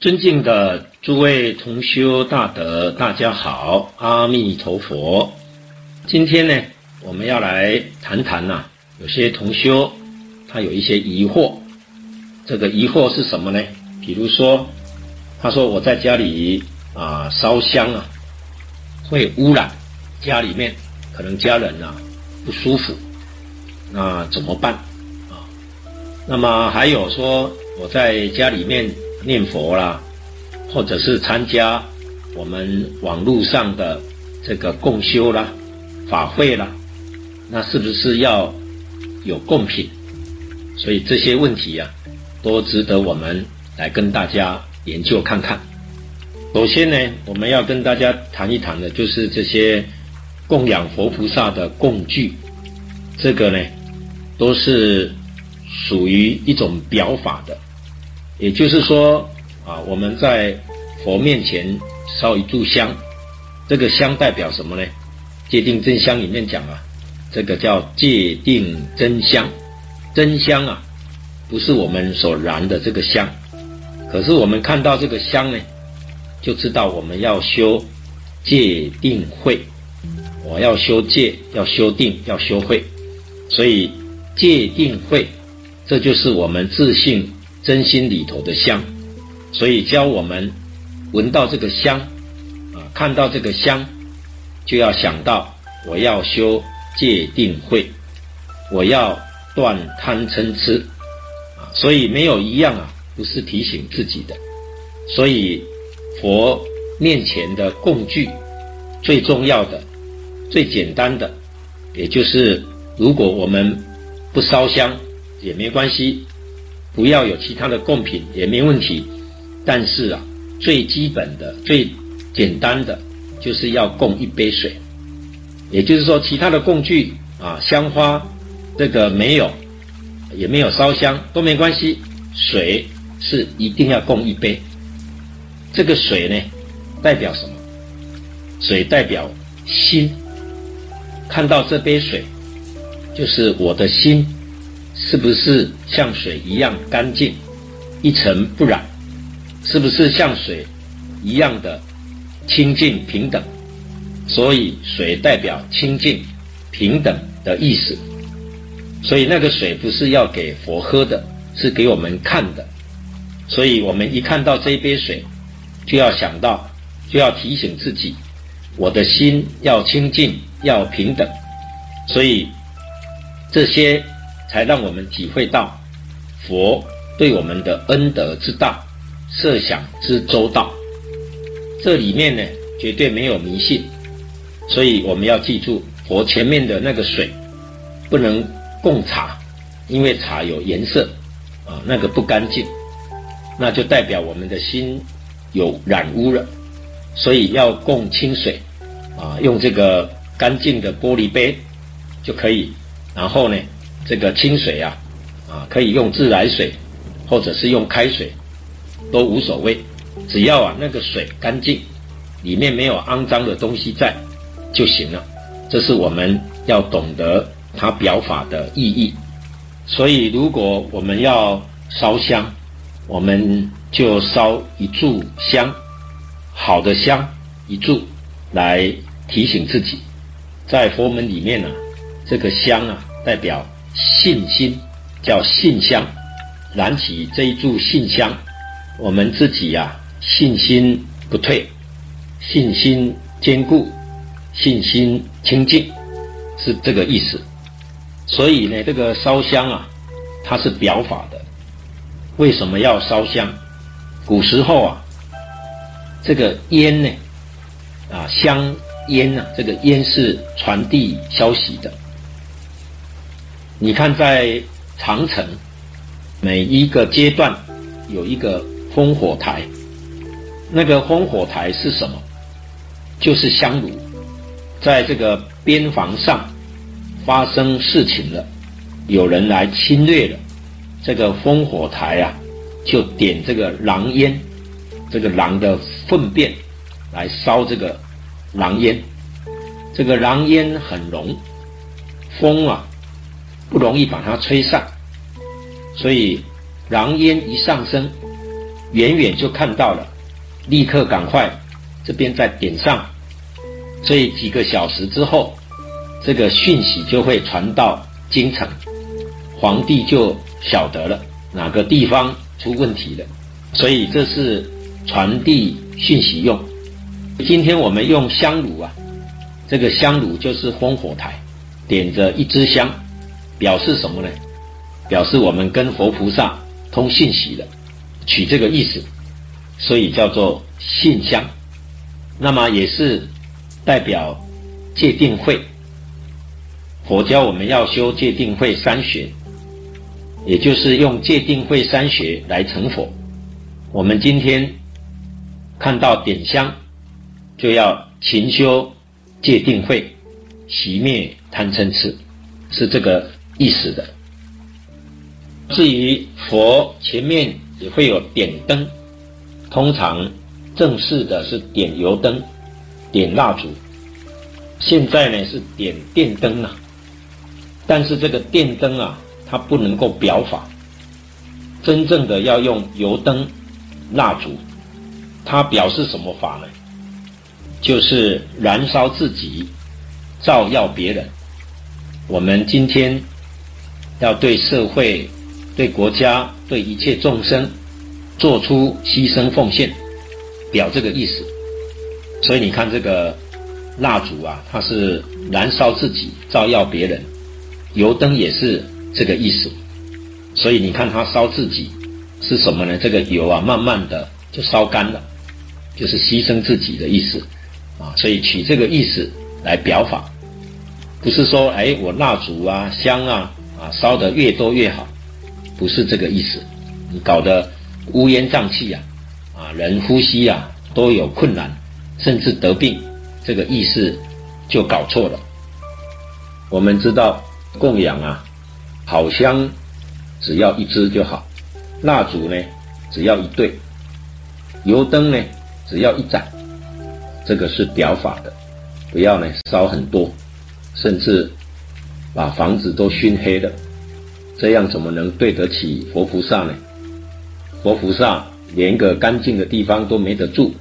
尊敬的諸位同修大德，大家好，阿彌陀佛。今天呢，我們要來談談吶、啊，有些同修他有一些疑惑，這個疑惑是什麼呢？比如說，他說我在家裡啊燒香啊，會污染家裡面，可能家人吶、啊、不舒服，那怎麼辦啊？那麼還有說我在家裡面。念佛啦，或者是參加我們網絡上的這個共修啦、法會啦，那是不是要有供品？所以這些問題呀、啊，都值得我們來跟大家研究看看。首先呢，我們要跟大家談一談的就是這些供養佛菩薩的供具，這個呢，都是屬於一種表法的。也就是說，啊，我們在佛面前燒一炷香，這個香代表什麼呢？戒定真香裡面講啊，這個叫戒定真香。真香啊，不是我們所燃的這個香，可是我們看到這個香呢，就知道我們要修戒定慧。我要修戒，要修定，要修慧。所以戒定慧，這就是我們自信。真心裡頭的香，所以教我們聞到這個香，啊，看到這個香，就要想到我要修戒定慧，我要斷貪嗔癡，啊，所以沒有一樣啊，不是提醒自己的。所以佛面前的供具，最重要的、最簡單的，也就是如果我們不燒香也沒關係。不要有其他的貢品也沒問題，但是啊，最基本的、最簡單的，就是要供一杯水。也就是說，其他的工具啊、香花，這個沒有，也沒有燒香都沒關係。水是一定要供一杯。這個水呢，代表什麼？水代表心。看到這杯水，就是我的心。是不是像水一樣乾淨，一塵不染？是不是像水一樣的清淨平等？所以水代表清淨平等的意思。所以那個水不是要給佛喝的，是給我們看的。所以我們一看到這一杯水，就要想到，就要提醒自己，我的心要清淨，要平等。所以這些。才讓我們體會到佛對我們的恩德之道，設想之周到。這裡面呢，絕對沒有迷信，所以我們要記住佛前面的那個水不能供茶，因為茶有顏色啊、呃，那個不乾淨，那就代表我們的心有染污了，所以要供清水啊、呃，用這個乾淨的玻璃杯就可以，然後呢。這個清水啊，啊可以用自來水，或者是用開水，都無所謂，只要啊那個水乾淨，裡面沒有骯髒的東西在就行了。這是我們要懂得它表法的意義。所以如果我們要燒香，我們就燒一炷香，好的香一炷，來提醒自己。在佛門裡面呢、啊，這個香啊代表。信心叫信香，燃起這一炷信香，我們自己呀、啊、信心不退，信心堅固，信心清淨，是這個意思。所以呢，這個燒香啊，它是表法的。為什麼要燒香？古時候啊，這個煙呢，啊香煙啊，這個煙是傳遞消息的。你看，在長城每一個階段有一個烽火台，那個烽火台是什麼？就是香爐，在這個邊防上發生事情了，有人來侵略了，這個烽火台啊，就點這個狼煙，這個狼的糞便來燒這個狼煙，這個狼煙很濃，風啊，不容易把它吹散，所以狼煙一上升，遠遠就看到了，立刻趕快這邊再點上，所以幾個小時之後，這個訊息就會傳到京城，皇帝就曉得了哪個地方出問題了，所以這是傳遞訊息用。今天我們用香爐啊，這個香爐就是烽火台，點着一支香。表示什麼呢？表示我們跟佛菩薩通信息的，取這個意思，所以叫做信香。那麼也是代表戒定慧。佛教我們要修戒定慧三學，也就是用戒定慧三學來成佛。我們今天看到點香，就要勤修戒定慧，熄滅貪嗔癡，是這個意思的。至於佛前面也會有點燈，通常正式的是點油燈、點蠟燭，現在呢是點電燈啊。但是這個電燈啊，它不能夠表法。真正的要用油燈、蠟燭，它表示什麼法呢？就是燃燒自己，照耀別人。我們今天。要對社會、對國家、對一切眾生，做出犧牲奉獻，表這個意思。所以你看這個蠟燭啊，它是燃燒自己，照耀別人；油燈也是這個意思。所以你看它燒自己是什麼呢？這個油啊，慢慢的就燒乾了，就是犧牲自己的意思啊。所以取這個意思來表法，不是說，哎，我蠟燭啊、香啊。啊，燒得越多越好，不是這個意思。你搞得烏煙瘴氣啊，啊，人呼吸呀，啊，都有困難，甚至得病，這個意思就搞錯了。我們知道供養啊，好香，只要一支就好；蠟燭呢，只要一對；油燈呢，只要一盞。這個是表法的，不要呢燒很多，甚至。把房子都燻黑了，這樣怎麼能對得起佛菩薩呢？佛菩薩連個乾淨的地方都沒得住，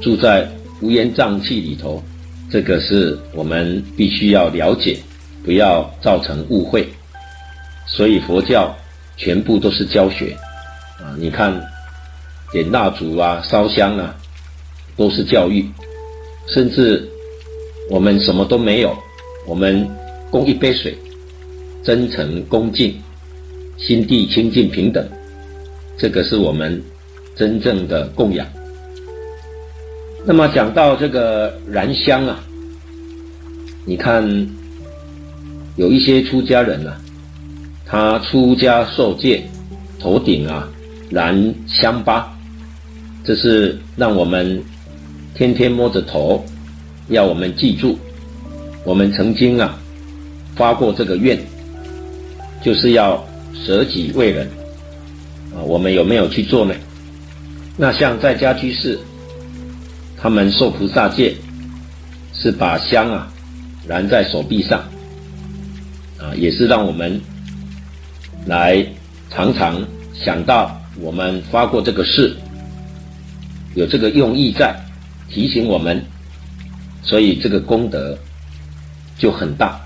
住在烏煙瘴氣裡頭，這個是我們必須要了解，不要造成誤會。所以佛教全部都是教學啊！你看點蠟燭啊，燒香啊，都是教育。甚至我們什麼都沒有，我們。供一杯水，真誠恭敬，心地清淨平等，這個是我們真正的供養。那麼講到這個燃香啊，你看有一些出家人啊，他出家受戒，頭頂啊燃香疤，這是讓我們天天摸着頭，要我們記住，我們曾經啊。發過這個願，就是要捨己為人啊！我們有沒有去做呢？那像在家居士，他們受菩薩戒，是把香啊燃在手臂上啊，也是讓我們來常常想到我們發過這個誓，有這個用意在提醒我們，所以這個功德就很大。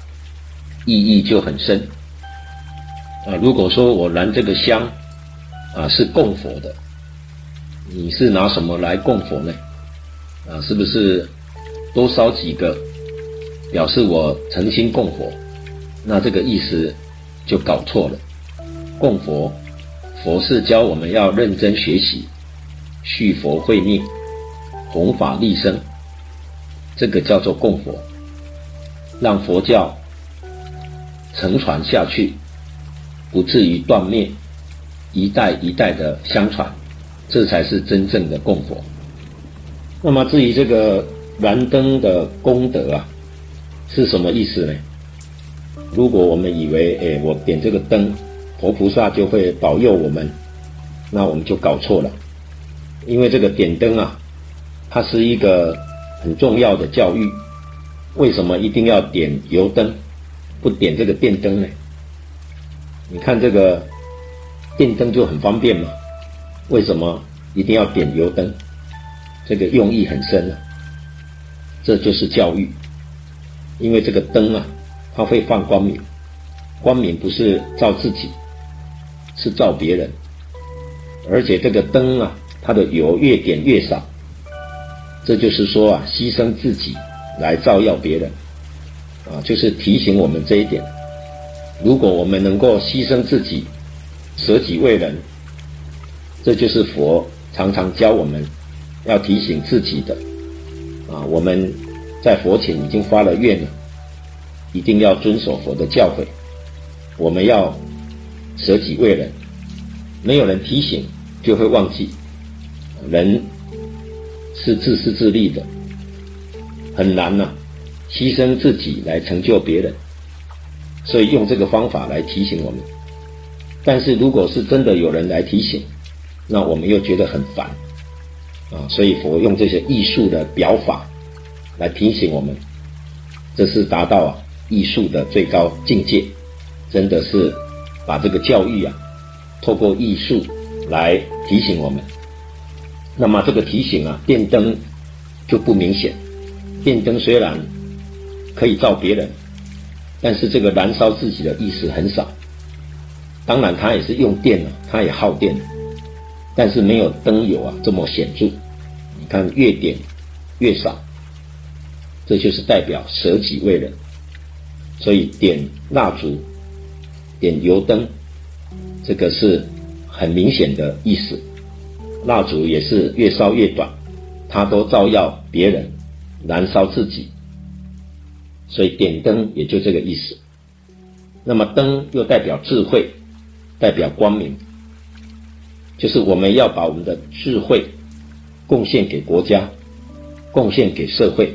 意義就很深啊！如果說我燃這個香啊，是供佛的，你是拿什麼來供佛呢？啊，是不是多燒幾個，表示我誠心供佛？那這個意思就搞錯了。供佛，佛是教我們要認真學習，續佛慧命，弘法利生。這個叫做供佛，讓佛教。承傳下去，不至於斷滅，一代一代的相傳，這才是真正的供佛。那麼，至於這個燃燈的功德啊，是什麼意思呢？如果我們以為，欸，我點這個燈，佛菩薩就會保佑我們，那我們就搞錯了。因為這個點燈啊，它是一個很重要的教育，為什麼一定要點油燈？不點這個電燈呢、欸？你看這個電燈就很方便嘛？為什麼一定要點油燈？這個用意很深啊。這就是教育，因為這個燈啊，它會放光明，光明不是照自己，是照別人。而且這個燈啊，它的油越點越少，這就是說啊，犧牲自己來照耀別人。啊，就是提醒我們這一點。如果我們能夠犧牲自己，捨己為人，這就是佛常常教我們，要提醒自己的。啊，我們在佛前已經發了願了，一定要遵守佛的教誨。我們要捨己為人，沒有人提醒就會忘記。人是自私自利的，很難吶，啊。犧牲自己來成就別人，所以用這個方法來提醒我們。但是如果是真的有人來提醒，那我們又覺得很煩，啊，所以佛用這些藝術的表法來提醒我們，這是達到、啊、藝術的最高境界，真的是把這個教育啊透過藝術來提醒我們。那麼這個提醒啊，電燈就不明顯，電燈雖然。可以照別人，但是這個燃燒自己的意思很少。當然，它也是用電了，它也耗電了，但是沒有燈油啊這麼顯著。你看，越點越少，這就是代表捨己為人。所以，點蠟燭、點油燈，這個是很明顯的意思。蠟燭也是越燒越短，它都照耀別人，燃燒自己。所以點燈也就這個意思。那麼燈又代表智慧，代表光明，就是我們要把我們的智慧貢獻給國家，貢獻給社會，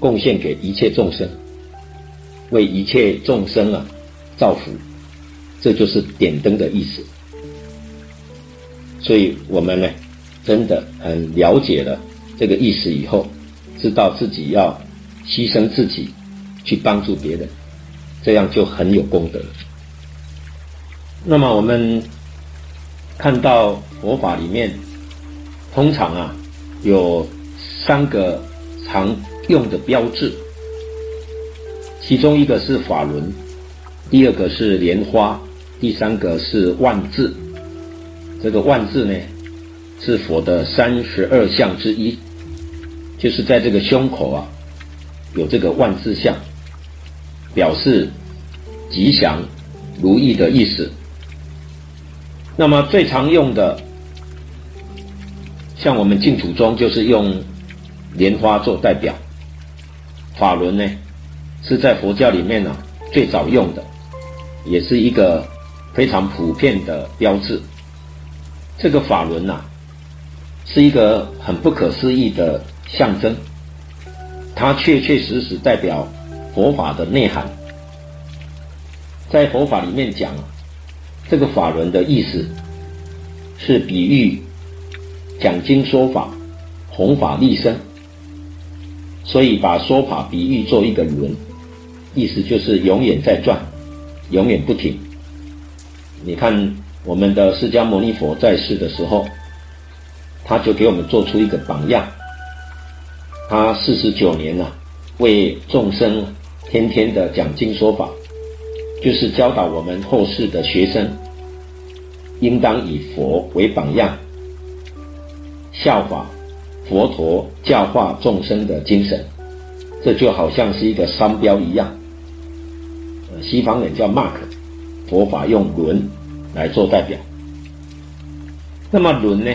貢獻給一切眾生，為一切眾生啊造福，這就是點燈的意思。所以我們呢，真的很了解了這個意思以後，知道自己要犧牲自己。去幫助別人，這樣就很有功德。那麼我們看到佛法裡面，通常啊有三個常用的標誌，其中一個是法輪，第二個是蓮花，第三個是萬字。這個萬字呢，是佛的三十二相之一，就是在這個胸口啊有這個萬字相。表示吉祥如意的意思。那麼最常用的，像我們淨土宗就是用蓮花做代表。法輪呢，是在佛教裡面呢、啊，最早用的，也是一個非常普遍的標誌。這個法輪吶、啊，是一個很不可思議的象徵，它確確實實代表。佛法的內涵，在佛法裡面講，這個法輪的意思是比喻講經說法、弘法利生。所以把說法比喻做一個輪，意思就是永遠在轉，永遠不停。你看我們的釋迦牟尼佛在世的時候，他就給我們做出一個榜樣，他四十九年了啊，為眾生。天天的講經說法，就是教導我們後世的學生，應當以佛為榜樣，效法佛陀教化眾生的精神。這就好像是一個商標一樣，呃，西方人叫 mark，佛法用輪來做代表。那麼輪呢，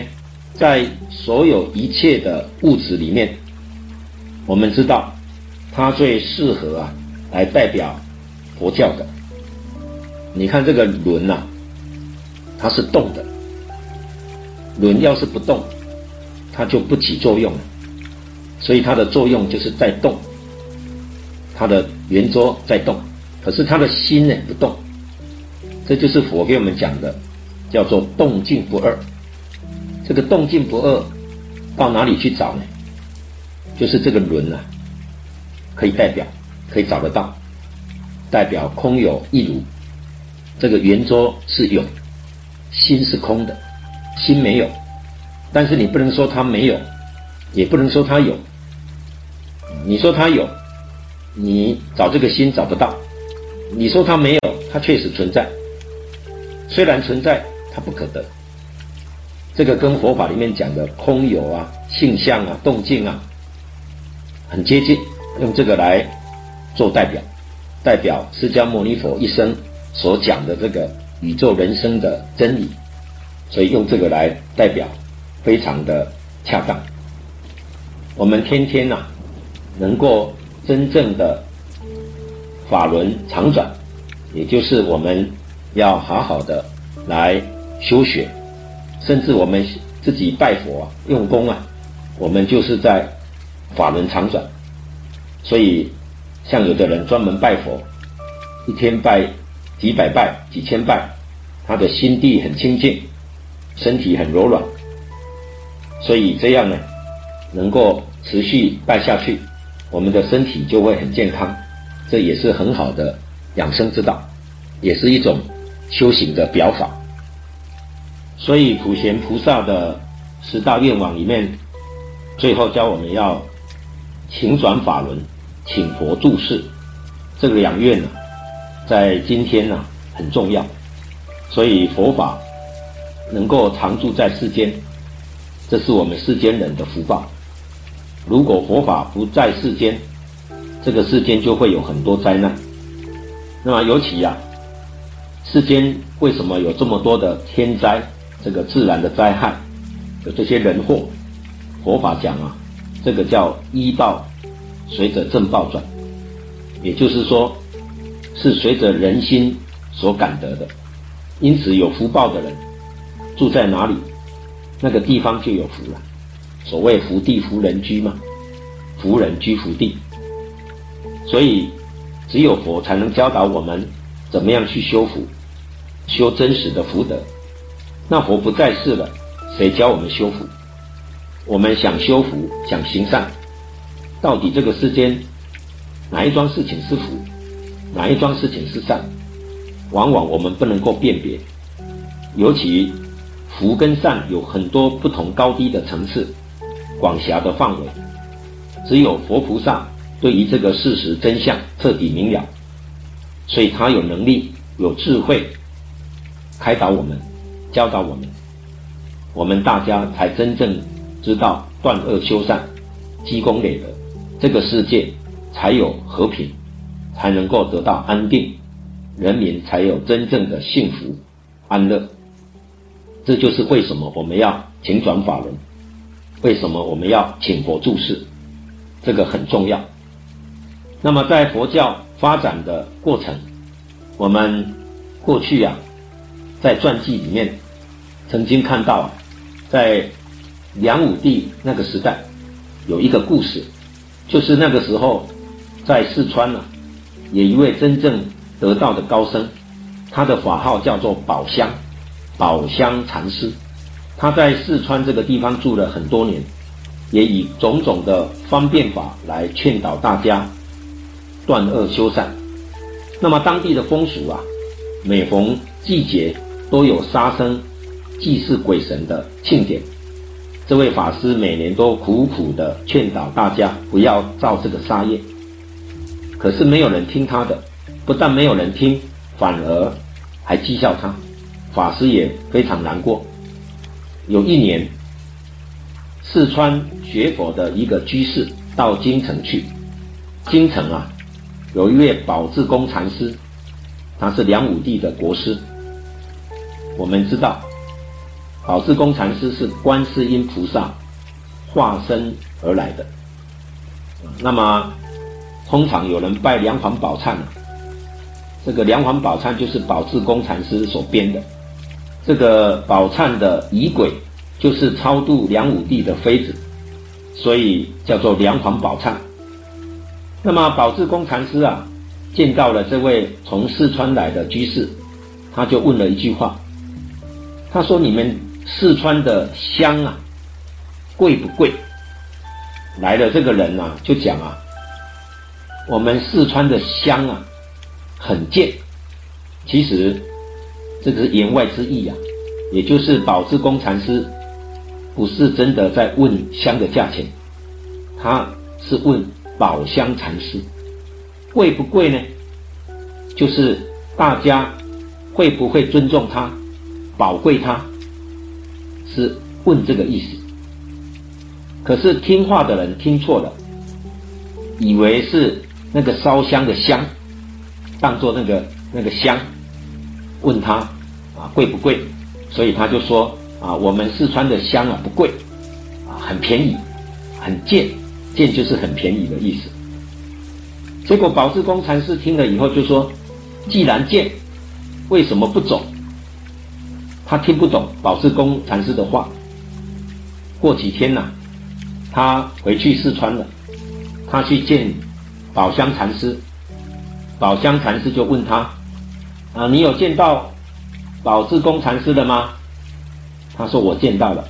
在所有一切的物質裡面，我們知道，它最適合啊。來代表佛教的，你看這個輪吶、啊，它是動的，輪要是不動，它就不起作用了，所以它的作用就是在動，它的圓桌在動，可是他的心呢不動，這就是佛給我們講的，叫做動靜不二，這個動靜不二到哪裡去找呢？就是這個輪吶、啊，可以代表。可以找得到，代表空有一如。這個圓桌是有，心是空的，心沒有，但是你不能說它沒有，也不能說它有。你說它有，你找這個心找不到；你說它沒有，它確實存在，雖然存在，它不可得。這個跟佛法裡面講的空有啊、性相啊、動靜啊，很接近，用這個來。做代表，代表釋迦牟尼佛一生所講的這個宇宙人生的真理，所以用這個來代表，非常的恰當。我們天天吶、啊，能夠真正的法輪常轉，也就是我們要好好的來修學，甚至我們自己拜佛、啊、用功啊，我們就是在法輪常轉，所以。像有的人專門拜佛，一天拜幾百拜，幾千拜，他的心地很清淨，身體很柔軟，所以這樣呢，能夠持續拜下去，我們的身體就會很健康，這也是很好的養生之道，也是一種修行的表法。所以普賢菩薩的十大願王裡面，最後教我們要請轉法輪。請佛住世，這個兩願呢，在今天呢、啊、很重要，所以佛法能夠常住在世間，這是我們世間人的福報。如果佛法不在世間，這個世間就會有很多災難。那麼尤其呀、啊，世間為什麼有這麼多的天災？這個自然的災害，有這些人禍。佛法講啊，這個叫依報。隨着正報轉，也就是說，是隨着人心所感得的。因此，有福報的人住在哪裡，那個地方就有福了啊。所謂“福地福人居”嘛，“福人居福地”。所以，只有佛才能教導我們怎麼樣去修福，修真實的福德。那佛不在世了，誰教我們修福？我們想修福，想行善。到底這個世間哪一樁事情是福，哪一樁事情是善？往往我們不能夠辨別，尤其福跟善有很多不同高低的層次、廣狹的範圍。只有佛菩薩對於這個事實真相徹底明了，所以他有能力、有智慧開導我們、教導我們，我們大家才真正知道斷惡修善、積功累德。這個世界才有和平，才能夠得到安定，人民才有真正的幸福安樂。這就是為什麼我們要請轉法輪，為什麼我們要請佛住世，這個很重要。那麼在佛教發展的過程，我們過去呀、啊，在傳記裡面曾經看到、啊，在梁武帝那個時代，有一個故事。就是那個時候，在四川呢、啊，有一位真正得道的高僧，他的法號叫做寶香，寶香禪師，他在四川這個地方住了很多年，也以種種的方便法來勸導大家斷惡修善。那麼當地的風俗啊，每逢季節都有殺生、祭祀鬼神的慶典。這位法師每年都苦苦地勸導大家不要造這個殺業，可是沒有人聽他的，不但沒有人聽，反而還譏笑他。法師也非常難過。有一年，四川學佛的一個居士到京城去，京城啊，有一位寶志公禪師，他是梁武帝的國師。我們知道。寶智公禪師是觀世音菩薩化身而來的。那麼，通常有人拜梁皇寶懺、啊，這個梁皇寶懺就是寶智公禪師所編的。這個寶懺的儀軌就是超度梁武帝的妃子，所以叫做梁皇寶懺。那麼寶智公禪師啊，見到了這位從四川來的居士，他就問了一句話，他說：“你們？”四川的香啊，貴不貴？來了這個人呢、啊，就講啊，我們四川的香啊，很賤。其實，這個是言外之意啊，也就是寶誌公禪師不是真的在問香的價錢，他是問寶香禪師貴不貴呢？就是大家會不會尊重他，寶貴他？是問這個意思，可是聽話的人聽錯了，以為是那個燒香的香，當作那個那個香，問他啊貴不貴，所以他就說啊我們四川的香啊不貴，啊很便宜，很賤，賤就是很便宜的意思。結果寶誌公禪師聽了以後就說，既然賤，為什麼不走？他聽不懂寶誌公禪師的話。過幾天吶、啊，他回去四川了。他去見寶香禪師，寶香禪師就問他：“啊，你有見到寶誌公禪師的嗎？”他說：“我見到了。”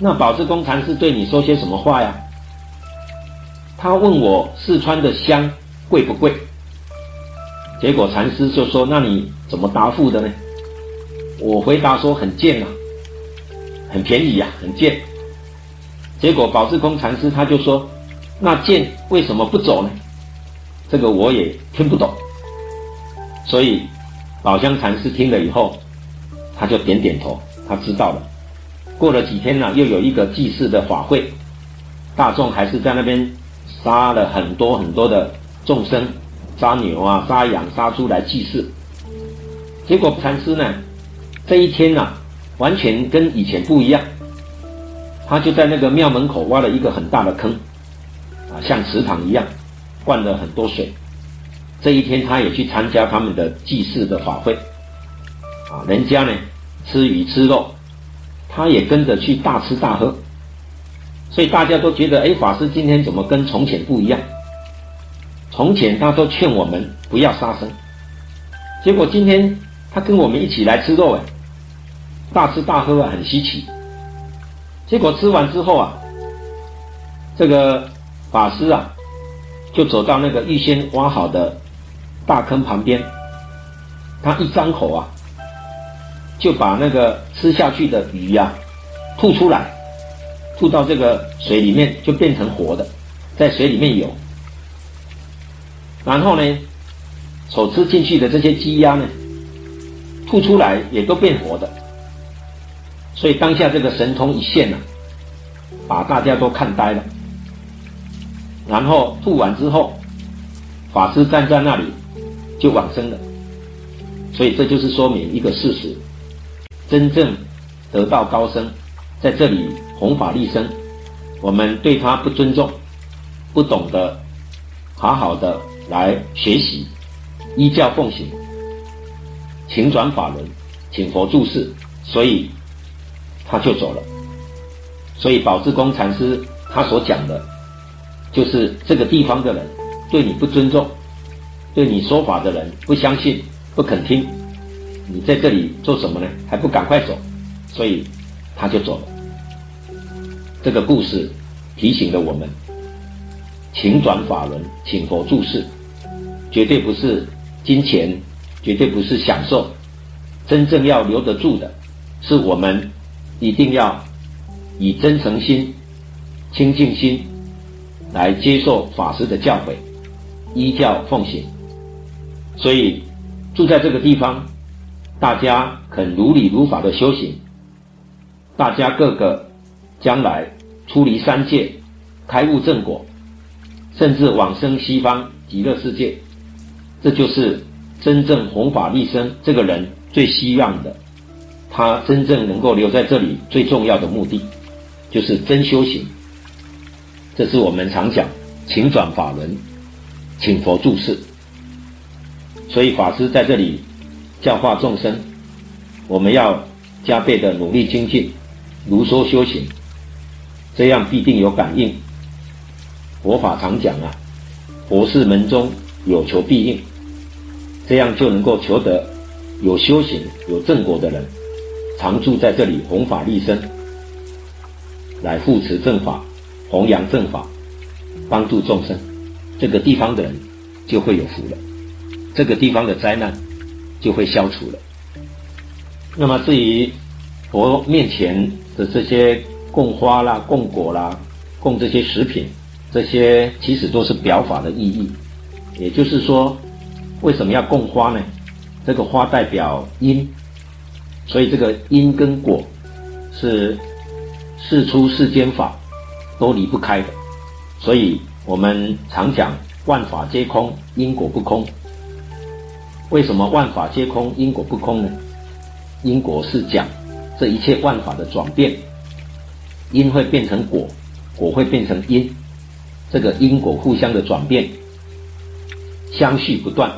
那寶誌公禪師對你說些什麼話呀？他問我四川的香貴不貴？結果禪師就說：“那你怎麼答復的呢？”我回答說很賤啊，很便宜呀、啊，很賤。結果寶誌公禪師他就說，那賤為什麼不走呢？這個我也聽不懂。所以老江禪師聽了以後，他就點點頭，他知道了。過了幾天呢、啊，又有一個祭祀的法會，大眾還是在那邊殺了很多很多的眾生，殺牛啊，殺羊，殺豬來祭祀。結果禪師呢？這一天啊，完全跟以前不一樣。他就在那個廟門口挖了一個很大的坑，啊，像池塘一樣，灌了很多水。這一天他也去參加他們的祭祀的法會，啊，人家呢吃魚吃肉，他也跟着去大吃大喝。所以大家都覺得，哎、欸，法師今天怎麼跟從前不一樣？從前他都勸我們不要殺生，結果今天他跟我們一起來吃肉，哎。大吃大喝啊，很稀奇。結果吃完之後啊，這個法師啊，就走到那個預先挖好的大坑旁邊，他一張口啊，就把那個吃下去的魚啊吐出來，吐到這個水裡面，就變成活的，在水裡面游。然後呢，所吃進去的這些雞鴨呢，吐出來也都變活的。所以當下這個神通一現吶、啊，把大家都看呆了。然後吐完之後，法師站在那裡就往生了。所以這就是說明一個事實：真正得道高僧在這裡弘法利生，我們對他不尊重，不懂得好好的來學習，依教奉行，請轉法輪，請佛住世，所以。他就走了，所以寶志公禪師他所講的，就是這個地方的人對你不尊重，對你說法的人不相信、不肯聽，你在這裡做什麼呢？還不趕快走！所以他就走了。這個故事提醒了我們：請轉法輪，請佛住世，絕對不是金錢，絕對不是享受，真正要留得住的，是我們。一定要以真誠心、清淨心來接受法師的教誨，依教奉行。所以住在這個地方，大家肯如理如法的修行，大家各個將來出離三界，開悟正果，甚至往生西方極樂世界，這就是真正弘法利生這個人最希望的。他真正能夠留在這裡最重要的目的，就是真修行。這是我們常講，請轉法輪，請佛住世。所以法師在這裡教化眾生，我們要加倍地努力精進，如說修行，這樣必定有感應。佛法常講啊，佛氏門中有求必應，這樣就能夠求得有修行、有正果的人。常住在這裡弘法利生，來扶持正法，弘揚正法，幫助眾生，這個地方的人就會有福了，這個地方的災難就會消除了。那麼至於佛面前的這些供花啦、供果啦、供這些食品，這些其實都是表法的意義，也就是說，為什麼要供花呢？這個花代表因。所以這個因跟果，是世出世間法都離不開的。所以我們常講萬法皆空，因果不空。為什麼萬法皆空，因果不空呢？因果是講這一切萬法的轉變，因會變成果，果會變成因，這個因果互相的轉變，相續不斷。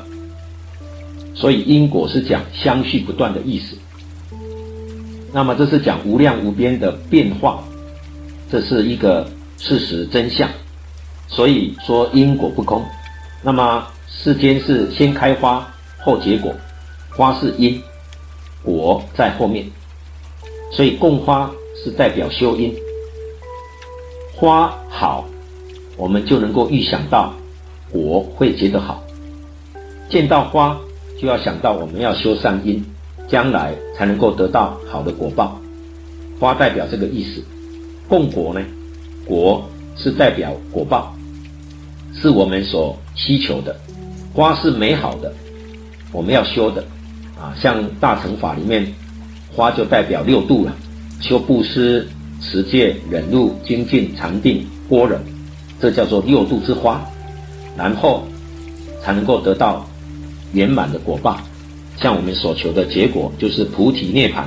所以因果是講相續不斷的意思。那麼這是講無量無邊的變化，這是一個事實真相，所以說因果不空。那麼世間是先開花後結果，花是因，果在後面，所以供花是代表修因，花好，我們就能夠預想到果會結得好，見到花就要想到我們要修善因。將來才能夠得到好的果報。花代表這個意思，供果呢？果是代表果報，是我們所希求的。花是美好的，我們要修的。啊，像大乘法裡面，花就代表六度了：修布施、持戒、忍辱、精進、禪定、般若，這叫做六度之花。然後才能夠得到圓滿的果報。向我們所求的結果就是菩提涅槃，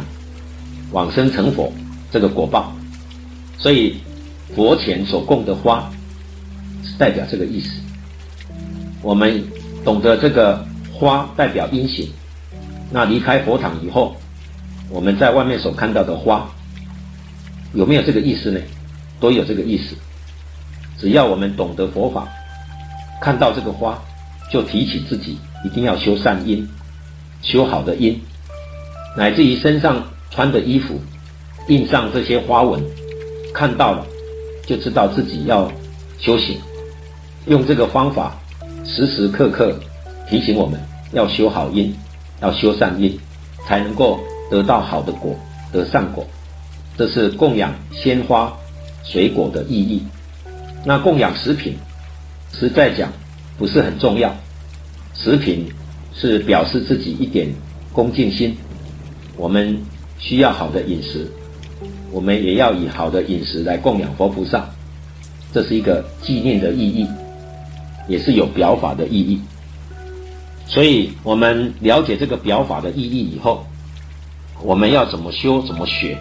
往生成佛這個果報，所以佛前所供的花，代表這個意思。我們懂得這個花代表因行，那離開佛堂以後，我們在外面所看到的花，有沒有這個意思呢？都有這個意思。只要我們懂得佛法，看到這個花，就提起自己一定要修善因。修好的因，乃至於身上穿的衣服，印上這些花紋，看到了就知道自己要修行，用這個方法，時時刻刻提醒我們要修好因，要修善因，才能夠得到好的果，得善果。這是供養鮮花、水果的意義。那供養食品，實在講不是很重要，食品。是表示自己一點恭敬心。我們需要好的飲食，我們也要以好的飲食來供養佛菩薩，這是一個紀念的意義，也是有表法的意義。所以我們了解這個表法的意義以後，我們要怎麼修、怎麼學，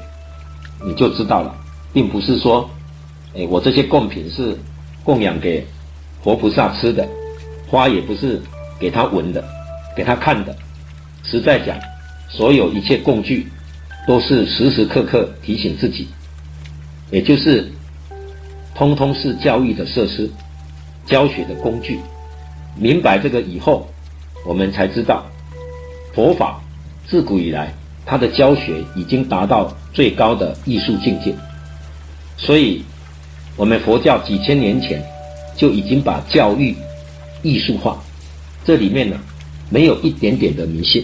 你就知道了。並不是說，哎，我這些供品是供養給佛菩薩吃的，花也不是給他聞的。給他看的。實在講，所有一切工具，都是時時刻刻提醒自己，也就是，通通是教育的設施，教學的工具。明白這個以後，我們才知道，佛法自古以來，它的教學已經達到最高的藝術境界。所以，我們佛教幾千年前就已經把教育藝術化，這裡面呢，沒有一點點的迷信。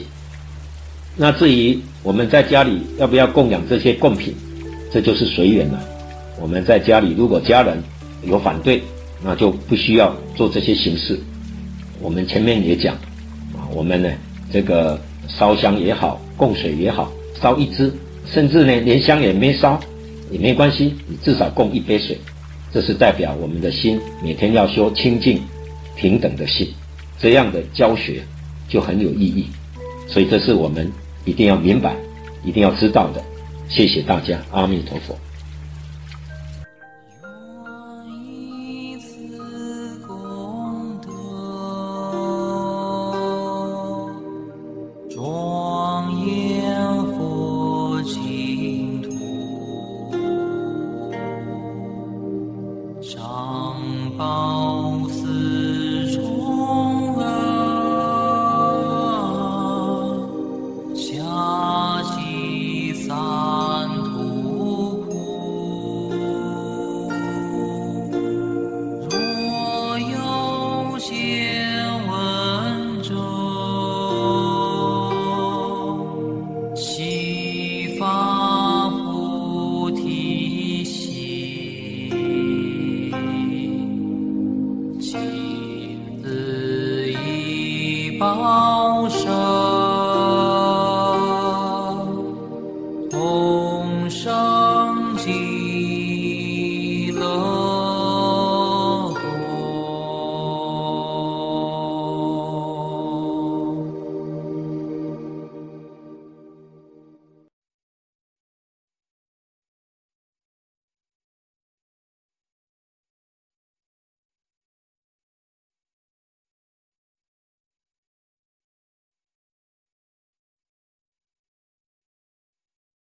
那至於我們在家裡要不要供養這些供品，這就是隨緣了。我們在家裡如果家人有反對，那就不需要做這些形式。我們前面也講，啊，我們呢這個燒香也好，供水也好，燒一支，甚至呢連香也沒燒也沒關係，你至少供一杯水，這是代表我們的心每天要修清淨、平等的心，這樣的教學，就很有意義，所以這是我們一定要明白，一定要知道的。謝謝大家，阿彌陀佛。